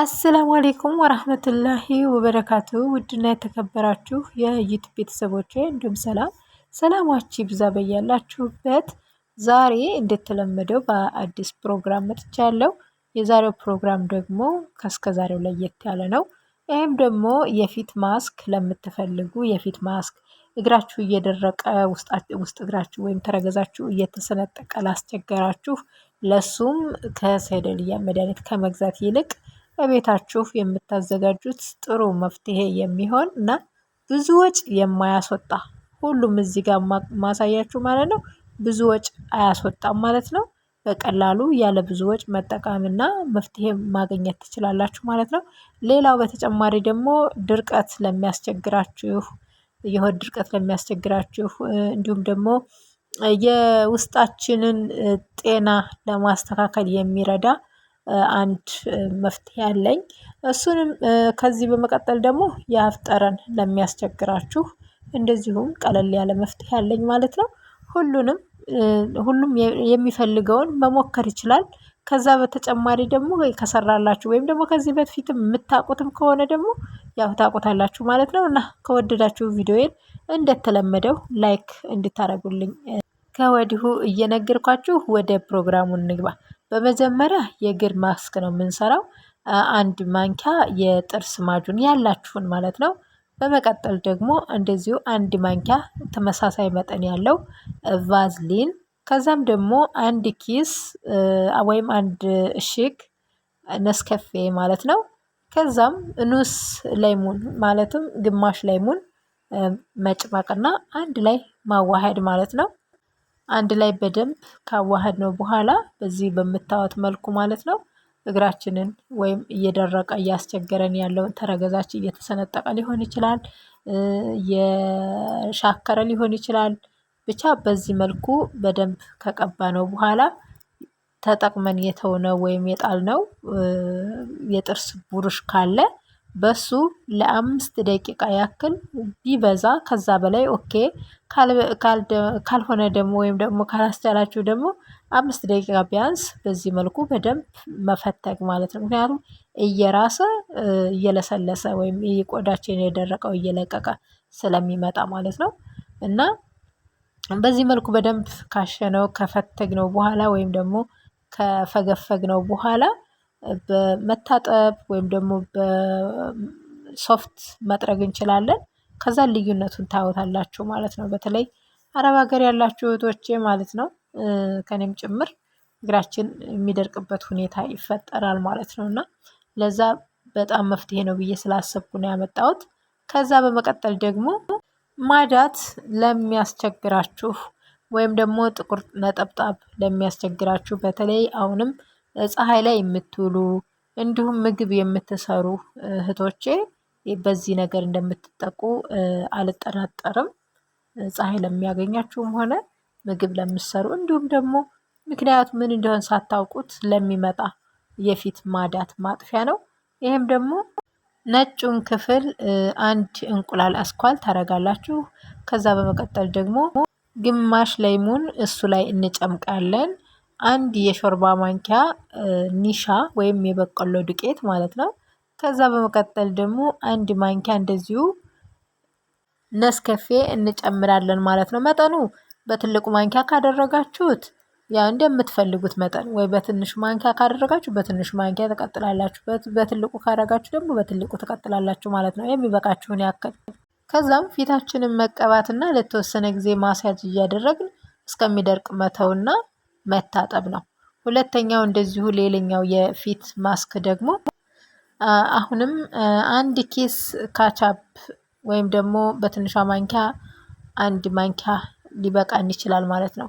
አሰላሙ አሌይኩም ወራህመቱላሂ ወበረካቱ። ውድና የተከበራችሁ የዩቱብ ቤተሰቦች እንዲሁም ሰላም ሰላማችሁ ይብዛ በያላችሁበት። ዛሬ እንደተለመደው በአዲስ ፕሮግራም መጥቻለሁ። የዛሬው ፕሮግራም ደግሞ ከስከዛሬው ለየት ያለ ነው። ይህም ደግሞ የፊት ማስክ ለምትፈልጉ የፊት ማስክ እግራችሁ እየደረቀ ውስጥ እግራችሁ ወይም ተረገዛችሁ እየተሰነጠቀ ላስቸገራችሁ፣ ለሱም ከሴደልያ መድኃኒት ከመግዛት ይልቅ በቤታችሁ የምታዘጋጁት ጥሩ መፍትሄ የሚሆን እና ብዙ ወጪ የማያስወጣ ሁሉም እዚህ ጋር ማሳያችሁ ማለት ነው። ብዙ ወጪ አያስወጣም ማለት ነው። በቀላሉ ያለ ብዙ ወጪ መጠቀምና መፍትሄ ማግኘት ትችላላችሁ ማለት ነው። ሌላው በተጨማሪ ደግሞ ድርቀት ለሚያስቸግራችሁ የሆድ ድርቀት ለሚያስቸግራችሁ እንዲሁም ደግሞ የውስጣችንን ጤና ለማስተካከል የሚረዳ አንድ መፍትሄ አለኝ። እሱንም ከዚህ በመቀጠል ደግሞ የአፍጠረን ለሚያስቸግራችሁ እንደዚሁም ቀለል ያለ መፍትሄ አለኝ ማለት ነው። ሁሉንም ሁሉም የሚፈልገውን መሞከር ይችላል። ከዛ በተጨማሪ ደግሞ ከሰራላችሁ ወይም ደግሞ ከዚህ በፊትም የምታውቁትም ከሆነ ደግሞ ያው ታውቁታላችሁ ማለት ነው። እና ከወደዳችሁ ቪዲዮዬን እንደተለመደው ላይክ እንድታደርጉልኝ ከወዲሁ እየነገርኳችሁ ወደ ፕሮግራሙ እንግባ በመጀመሪያ የእግር ማስክ ነው የምንሰራው። አንድ ማንኪያ የጥርስ ማጁን ያላችሁን ማለት ነው። በመቀጠል ደግሞ እንደዚሁ አንድ ማንኪያ ተመሳሳይ መጠን ያለው ቫዝሊን ከዛም ደግሞ አንድ ኪስ ወይም አንድ እሽግ ነስከፌ ማለት ነው። ከዛም ኑስ ላይሙን ማለትም ግማሽ ላይሙን መጭመቅና አንድ ላይ ማዋሃድ ማለት ነው አንድ ላይ በደንብ ነው በኋላ በዚህ በምታዩት መልኩ ማለት ነው እግራችንን ወይም እየደረቀ እያስቸገረን ያለውን ተረገዛችን እየተሰነጠቀ ሊሆን ይችላል፣ እየሻከረ ሊሆን ይችላል። ብቻ በዚህ መልኩ በደንብ ከቀባ ነው በኋላ ተጠቅመን የተውነው ወይም የጣል ነው የጥርስ ብሩሽ ካለ በሱ ለአምስት ደቂቃ ያክል ቢበዛ ከዛ በላይ ኦኬ ካልሆነ ደግሞ ወይም ደግሞ ካላስቻላችሁ ደግሞ አምስት ደቂቃ ቢያንስ በዚህ መልኩ በደንብ መፈተግ ማለት ነው። ምክንያቱም እየራሰ እየለሰለሰ ወይም ቆዳችን የደረቀው እየለቀቀ ስለሚመጣ ማለት ነው። እና በዚህ መልኩ በደንብ ካሸነው ከፈተግነው በኋላ ወይም ደግሞ ከፈገፈግነው በኋላ በመታጠብ ወይም ደግሞ በሶፍት መጥረግ እንችላለን። ከዛ ልዩነቱን ታወታላችሁ ማለት ነው። በተለይ አረብ ሀገር ያላችሁ እህቶቼ ማለት ነው ከኔም ጭምር እግራችን የሚደርቅበት ሁኔታ ይፈጠራል ማለት ነው። እና ለዛ በጣም መፍትሄ ነው ብዬ ስላሰብኩ ነው ያመጣሁት። ከዛ በመቀጠል ደግሞ ማዳት ለሚያስቸግራችሁ ወይም ደግሞ ጥቁር ነጠብጣብ ለሚያስቸግራችሁ በተለይ አሁንም ፀሐይ ላይ የምትውሉ እንዲሁም ምግብ የምትሰሩ እህቶቼ በዚህ ነገር እንደምትጠቁ አልጠራጠርም። ፀሐይ ለሚያገኛችሁም ሆነ ምግብ ለምትሰሩ እንዲሁም ደግሞ ምክንያቱ ምን እንደሆን ሳታውቁት ለሚመጣ የፊት ማዳት ማጥፊያ ነው። ይህም ደግሞ ነጩን ክፍል አንድ እንቁላል አስኳል ታረጋላችሁ። ከዛ በመቀጠል ደግሞ ግማሽ ለይሙን እሱ ላይ እንጨምቃለን። አንድ የሾርባ ማንኪያ ኒሻ ወይም የበቆሎ ዱቄት ማለት ነው። ከዛ በመቀጠል ደግሞ አንድ ማንኪያ እንደዚሁ ነስከፌ እንጨምራለን ማለት ነው። መጠኑ በትልቁ ማንኪያ ካደረጋችሁት ያው እንደምትፈልጉት መጠን ወይ በትንሹ ማንኪያ ካደረጋችሁ በትንሹ ማንኪያ ትቀጥላላችሁ፣ በትልቁ ካደረጋችሁ ደግሞ በትልቁ ትቀጥላላችሁ ማለት ነው። የሚበቃችሁን ያክል ከዛም ፊታችንን መቀባትና ለተወሰነ ጊዜ ማስያዝ እያደረግን እስከሚደርቅ መተውና መታጠብ ነው። ሁለተኛው እንደዚሁ ሌላኛው የፊት ማስክ ደግሞ አሁንም አንድ ኬስ ካቻፕ ወይም ደግሞ በትንሿ ማንኪያ አንድ ማንኪያ ሊበቃን ይችላል ማለት ነው።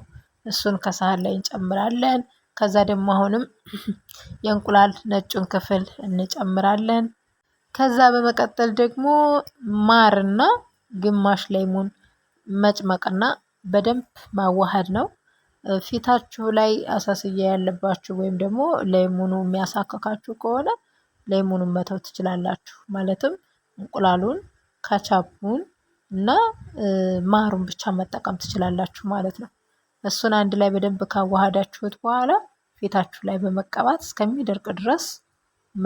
እሱን ከሳህን ላይ እንጨምራለን። ከዛ ደግሞ አሁንም የእንቁላል ነጩን ክፍል እንጨምራለን። ከዛ በመቀጠል ደግሞ ማርና ግማሽ ላይሙን መጭመቅና በደንብ ማዋሃድ ነው። ፊታችሁ ላይ አሳስያ ያለባችሁ ወይም ደግሞ ለይሙኑ የሚያሳክካችሁ ከሆነ ለይሙኑን መተው ትችላላችሁ። ማለትም እንቁላሉን ካቻፑን እና ማሩን ብቻ መጠቀም ትችላላችሁ ማለት ነው። እሱን አንድ ላይ በደንብ ካዋሃዳችሁት በኋላ ፊታችሁ ላይ በመቀባት እስከሚደርቅ ድረስ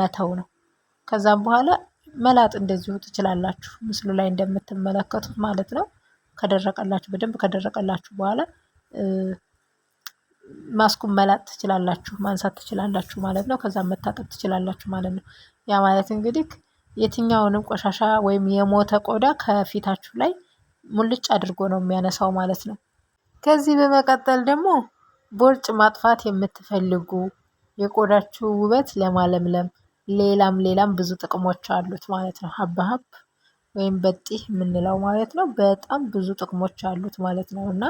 መተው ነው። ከዛም በኋላ መላጥ እንደዚሁ ትችላላችሁ ምስሉ ላይ እንደምትመለከቱት ማለት ነው። ከደረቀላችሁ በደንብ ከደረቀላችሁ በኋላ ማስቁመላጥ ትችላላችሁ፣ ማንሳት ትችላላችሁ ማለት ነው። ከዛም መታጠብ ትችላላችሁ ማለት ነው። ያ ማለት እንግዲህ የትኛውንም ቆሻሻ ወይም የሞተ ቆዳ ከፊታችሁ ላይ ሙልጭ አድርጎ ነው የሚያነሳው ማለት ነው። ከዚህ በመቀጠል ደግሞ ቦርጭ ማጥፋት የምትፈልጉ የቆዳችሁ ውበት ለማለምለም ሌላም ሌላም ብዙ ጥቅሞች አሉት ማለት ነው። ሀብሀብ ወይም በጢህ የምንለው ማለት ነው። በጣም ብዙ ጥቅሞች አሉት ማለት ነው እና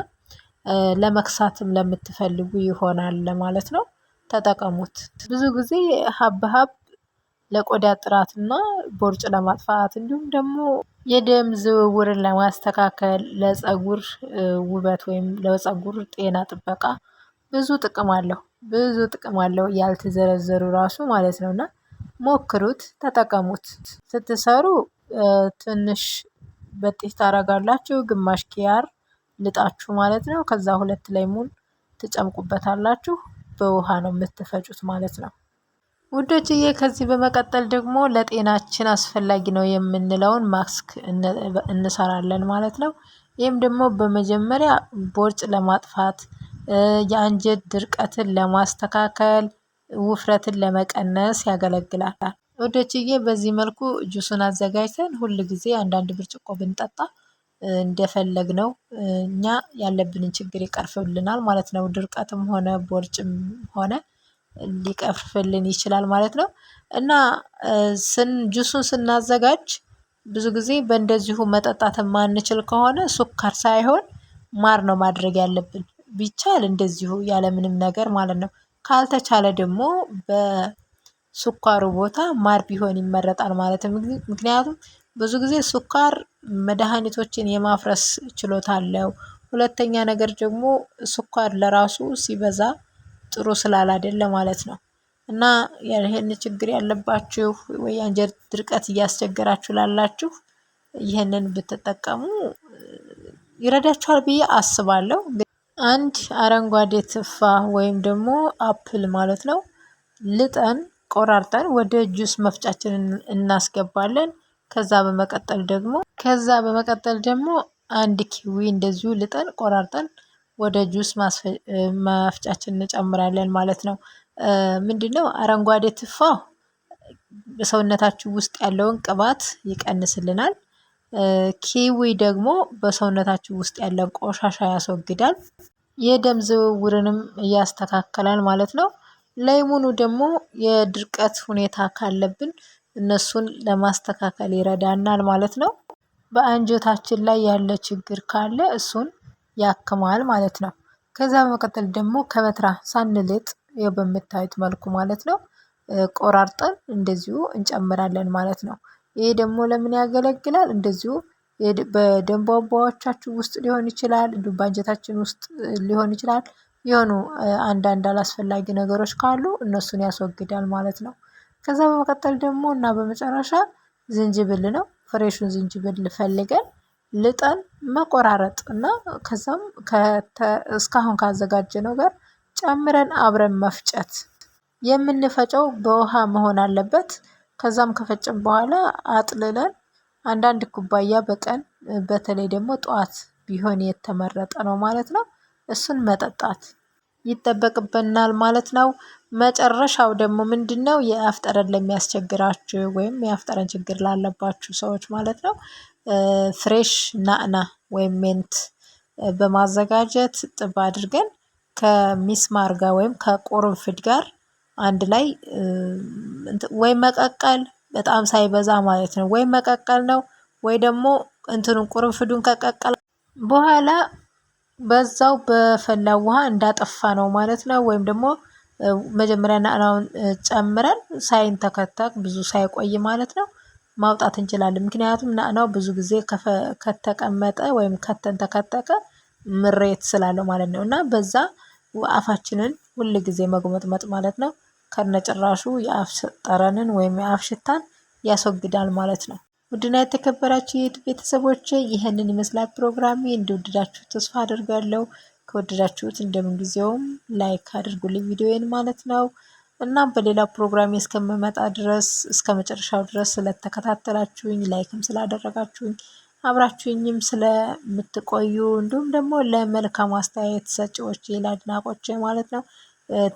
ለመክሳትም ለምትፈልጉ ይሆናል ለማለት ነው። ተጠቀሙት። ብዙ ጊዜ ሀብሀብ ለቆዳ ጥራትና ቦርጭ ለማጥፋት እንዲሁም ደግሞ የደም ዝውውርን ለማስተካከል ለፀጉር ውበት ወይም ለፀጉር ጤና ጥበቃ ብዙ ጥቅም አለው ብዙ ጥቅም አለው ያልተዘረዘሩ ራሱ ማለት ነው። እና ሞክሩት ተጠቀሙት። ስትሰሩ ትንሽ በጢስ ታረጋላችሁ፣ ግማሽ ኪያር ልጣችሁ ማለት ነው። ከዛ ሁለት ሙን ትጨምቁበታላችሁ። በውሃ ነው የምትፈጩት ማለት ነው። ውዶችዬ ከዚህ በመቀጠል ደግሞ ለጤናችን አስፈላጊ ነው የምንለውን ማስክ እንሰራለን ማለት ነው። ይህም ደግሞ በመጀመሪያ ቦርጭ ለማጥፋት የአንጀት ድርቀትን ለማስተካከል፣ ውፍረትን ለመቀነስ ያገለግላል። ወደችዬ በዚህ መልኩ ጁሱን አዘጋጅተን ሁል ጊዜ አንዳንድ ብርጭቆ ብንጠጣ እንደፈለግነው እኛ ያለብንን ችግር ይቀርፍልናል ማለት ነው። ድርቀትም ሆነ ቦርጭም ሆነ ሊቀርፍልን ይችላል ማለት ነው። እና ጁሱን ስናዘጋጅ ብዙ ጊዜ በእንደዚሁ መጠጣት የማንችል ከሆነ ሱካር ሳይሆን ማር ነው ማድረግ ያለብን ቢቻል እንደዚሁ ያለምንም ነገር ማለት ነው። ካልተቻለ ደግሞ በሱኳሩ ቦታ ማር ቢሆን ይመረጣል ማለት ነው። ምክንያቱም ብዙ ጊዜ ሱካር መድኃኒቶችን የማፍረስ ችሎታ አለው። ሁለተኛ ነገር ደግሞ ስኳር ለራሱ ሲበዛ ጥሩ ስላላደለ ማለት ነው። እና ይህን ችግር ያለባችሁ ወይ የአንጀት ድርቀት እያስቸገራችሁ ላላችሁ ይህንን ብትጠቀሙ ይረዳችኋል ብዬ አስባለሁ። አንድ አረንጓዴ ትፋ ወይም ደግሞ አፕል ማለት ነው ልጠን ቆራርጠን ወደ ጁስ መፍጫችን እናስገባለን። ከዛ በመቀጠል ደግሞ ከዛ በመቀጠል ደግሞ አንድ ኪዊ እንደዚሁ ልጠን ቆራርጠን ወደ ጁስ ማፍጫችን እንጨምራለን ማለት ነው። ምንድነው አረንጓዴ ትፋው በሰውነታችን ውስጥ ያለውን ቅባት ይቀንስልናል። ኪዊ ደግሞ በሰውነታችን ውስጥ ያለውን ቆሻሻ ያስወግዳል። የደም ዝውውርንም እያስተካከላል ማለት ነው። ለይሙኑ ደግሞ የድርቀት ሁኔታ ካለብን እነሱን ለማስተካከል ይረዳናል ማለት ነው። በአንጀታችን ላይ ያለ ችግር ካለ እሱን ያክማል ማለት ነው። ከዛ በመቀጠል ደግሞ ከበትራ ሳንልጥ ይኸው በምታዩት መልኩ ማለት ነው ቆራርጠን እንደዚሁ እንጨምራለን ማለት ነው። ይሄ ደግሞ ለምን ያገለግላል? እንደዚሁ በደም ቧንቧዎቻችሁ ውስጥ ሊሆን ይችላል እንዲሁም በአንጀታችን ውስጥ ሊሆን ይችላል የሆኑ አንዳንድ አላስፈላጊ ነገሮች ካሉ እነሱን ያስወግዳል ማለት ነው ከዛ በመቀጠል ደግሞ እና በመጨረሻ ዝንጅብል ነው። ፍሬሹን ዝንጅብል ፈልገን ልጠን መቆራረጥ እና ከዛም እስካሁን ካዘጋጀነው ጋር ጨምረን አብረን መፍጨት። የምንፈጨው በውሃ መሆን አለበት። ከዛም ከፈጨን በኋላ አጥልለን አንዳንድ ኩባያ በቀን በተለይ ደግሞ ጠዋት ቢሆን የተመረጠ ነው ማለት ነው። እሱን መጠጣት ይጠበቅብናል ማለት ነው። መጨረሻው ደግሞ ምንድነው? ነው? የአፍጠረን ለሚያስቸግራችሁ ወይም የአፍጠረን ችግር ላለባችሁ ሰዎች ማለት ነው። ፍሬሽ ናዕና ወይም ሜንት በማዘጋጀት ጥብ አድርገን ከሚስማር ጋር ወይም ከቁርንፍድ ጋር አንድ ላይ ወይም መቀቀል በጣም ሳይበዛ ማለት ነው። ወይም መቀቀል ነው ወይ ደግሞ እንትኑን ቁርንፍዱን ከቀቀል በኋላ በዛው በፈላ ውሃ እንዳጠፋ ነው ማለት ነው። ወይም ደግሞ መጀመሪያ ናዕናውን ጨምረን ሳይን ተከተቅ ብዙ ሳይቆይ ማለት ነው ማውጣት እንችላለን። ምክንያቱም ናዕናው ብዙ ጊዜ ከተቀመጠ ወይም ከተን ተከተቀ ምሬት ስላለው ማለት ነው። እና በዛ አፋችንን ሁል ጊዜ መጉመጥመጥ ማለት ነው ከነጭራሹ የአፍ ጠረንን ወይም የአፍ ሽታን ያስወግዳል ማለት ነው ውድና የተከበራችሁ የዩቱ ቤተሰቦች ይህንን ይመስላል ፕሮግራሜ። እንደወደዳችሁ ተስፋ አድርጋለሁ። ከወደዳችሁት እንደምንጊዜውም ላይክ አድርጉልኝ ቪዲዮዬን ማለት ነው እና በሌላ ፕሮግራሜ እስከምመጣ ድረስ እስከ መጨረሻው ድረስ ስለተከታተላችሁኝ ላይክም ስላደረጋችሁኝ አብራችሁኝም ስለምትቆዩ እንዲሁም ደግሞ ለመልካም አስተያየት ሰጪዎች ለአድናቆች ማለት ነው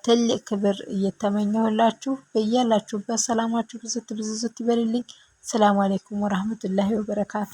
ትልቅ ክብር እየተመኘሁላችሁ በያላችሁበት ሰላማችሁ ብዝት ብዝዝት ይበልልኝ። ሰላም አለይኩም ወረህመቱላሂ ወበረካቱ።